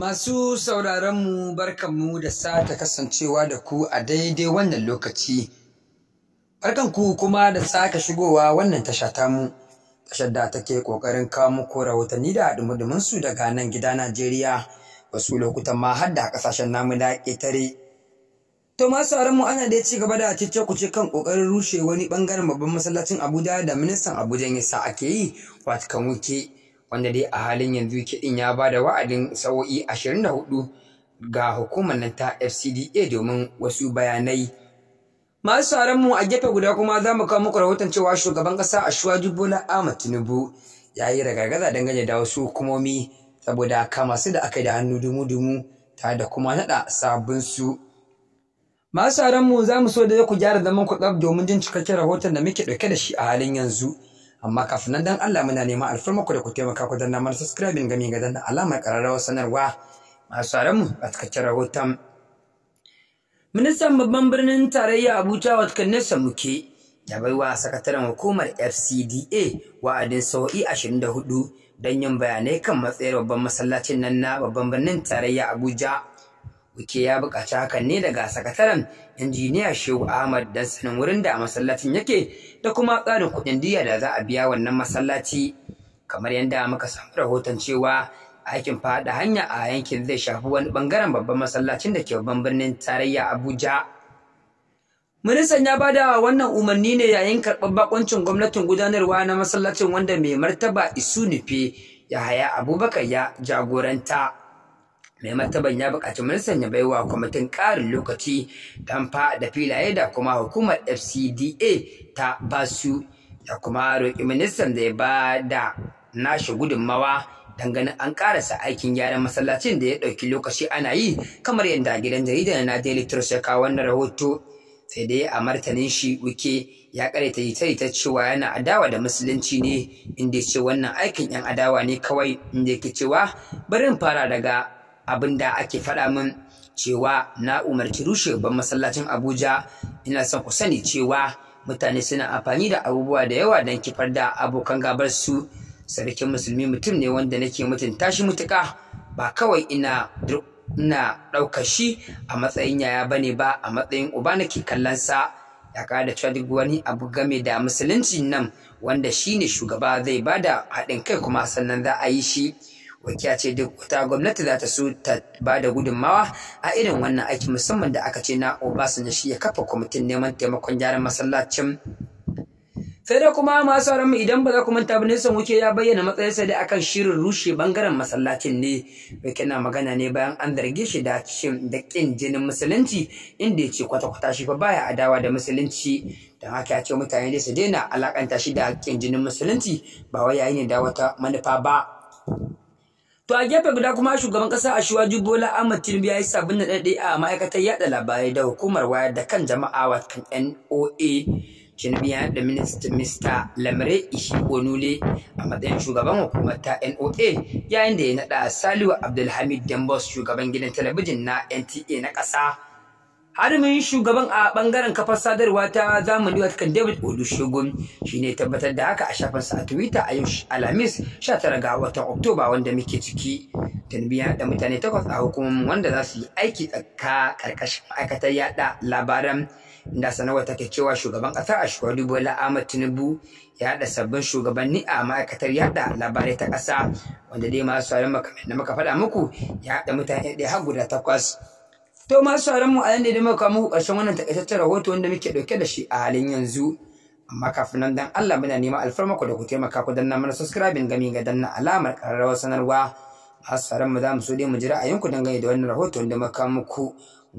Masu sauraronmu barkanmu da sata kasancewa da ku a daidai wannan lokaci. Barkanku kuma da sake shigowa wannan tasha tamu, tashar da take ƙoƙarin kawo muku rahotanni da su daga nan gida Najeriya, wasu lokutan ma har da ƙasashen namu na ƙetare. To masu mu ana da ci gaba da cece kuce kan ƙoƙarin rushe wani ɓangaren babban masallacin Abuja da ministan Abuja ya ake yi, watakan wuke. wanda dai a halin yanzu kiɗin ya ba da wa'adin sa'o'i 24 ga hukumar nan ta FCDA domin wasu bayanai. Masu mu a gefe guda kuma za mu kawo muku rahoton cewa shugaban ƙasa shuwa Bola ahmad Tinubu ya yi ragargaza dangane da wasu hukumomi saboda kama su da aka da hannu dumu-dumu ta da kuma naɗa sabbin su. Masu mu za mu so da ku gyara zaman ku domin jin cikakken rahoton da muke ɗauke da shi a halin yanzu. amma kafin nan dan Allah muna neman alfarma ku da ku taimaka ku danna mana subscribing gami ga danna alamar ƙararrawar sanarwa masu aran mu a cikakken rahoton ministan babban birnin tarayya Abuja watkan nesa muke ya baiwa sakataren hukumar FCDA wa'adin sau'i 24 don yin bayanai kan matsayar babban masallacin nan na babban birnin tarayya Abuja Wike ya buƙaci hakan ne daga sakataren injiniya Shehu Ahmad don sanin wurin da masallacin yake da kuma tsarin kuɗin diya da za a biya wannan masallaci. Kamar yadda muka samu rahoton cewa aikin faɗa hanya a yankin zai shafi wani ɓangaren babban masallacin da ke babban birnin tarayya Abuja. Ministan ya bada wannan umarni ne yayin karɓar bakoncin gwamnatin gudanarwa na masallacin wanda mai martaba Isu Nufe Yahaya Abubakar ya jagoranta. mai martaban ya buƙaci ministan ya baiwa kwamitin ƙarin lokaci don da filaye da kuma hukumar fcda ta basu da kuma roƙi ministan da ya ba da nashi gudunmawa don ganin an ƙarasa aikin gyaran masallacin da ya ɗauki lokaci ana yi kamar yadda gidan jaridar na daily trust ya kawo wannan rahoto sai dai a martanin shi wike ya karaita ita ita cewa yana adawa da musulunci ne inda ce wannan aikin yan adawa ne kawai inda ke cewa bari fara daga abin da ake faɗa min cewa na umarci rushe babban masallacin Abuja ina son ku sani cewa mutane suna amfani da abubuwa da yawa don kifar da abokan gabar su sarkin musulmi mutum ne wanda nake mutunta shi mutuka ba kawai ina ina ɗaukar shi a matsayin yaya bane ba a matsayin uba nake kallon sa ya da cewa duk wani abu game da musulunci nan wanda shine shugaba zai bada haɗin kai kuma sannan za a yi shi Waki ya ce duk wata gwamnati za ta so ta ba da gudunmawa a irin wannan aiki musamman da aka ce na Obasanjo shi ya kafa kwamitin neman taimakon gyaran masallacin sai dai kuma masu mu idan ba za ku manta ba nisan wuce ya bayyana matsayinsa da akan shirin rushe bangaren masallacin ne wake na magana ne bayan an zarge shi da cin da kin jinin musulunci inda ya ce kwata-kwata shi fa baya adawa da musulunci don haka ya ce mutane su daina alakanta shi da kin jinin musulunci ba wai yayi ne da wata manufa ba To a gefe guda kuma shugaban kasa Ashwaju Bola Ahmad Tinubu ya yi sabon da daɗe a ma'aikatar yaɗa labarai da hukumar wayar da kan jama'a watan NOA. Tinubu ya da minister Mr. Lamre Onule a matsayin shugaban hukumar ta NOA yayin da ya naɗa Saliwa Abdulhamid Dambos shugaban gidan talabijin na NTA na ƙasa. Harumin shugaban a bangaren kafar sadarwa ta zamani kan David Olusegun shi ne tabbatar da haka a shafinsa a Twitter a yau Alhamis 19 ga watan Oktoba wanda muke ciki. Tanbiya da mutane takwas a hukumomin wanda za su yi aiki tsaka karkashin ma'aikatar yada labaran inda sanarwa take cewa shugaban kasar Dubu Bola Ahmed Tinubu ya haɗa sabbin shugabanni a ma'aikatar yada labarai ta ƙasa wanda dai masu sauran makamai da muka faɗa muku ya haɗa mutane ɗaya har guda takwas. To ma sauran mu a yanda ne da muka muku ƙarshen wannan takaitaccen rahoto wanda muke ɗauke da shi a halin yanzu. Amma kafin nan dan Allah muna nema alfarma ku da ku taimaka ku danna mana subscribing gami ga danna alamar ƙararrawar sanarwa. A sauran mu za mu so dai mu jira a ra'ayinku dangane da wannan rahoto wanda muka muku.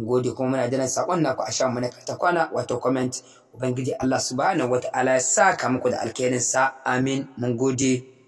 gode kuma muna jiran sakon naku a shan mu na ta kwana wato comment ubangiji Allah subhanahu wataala ya saka muku da alkhairin sa amin mun gode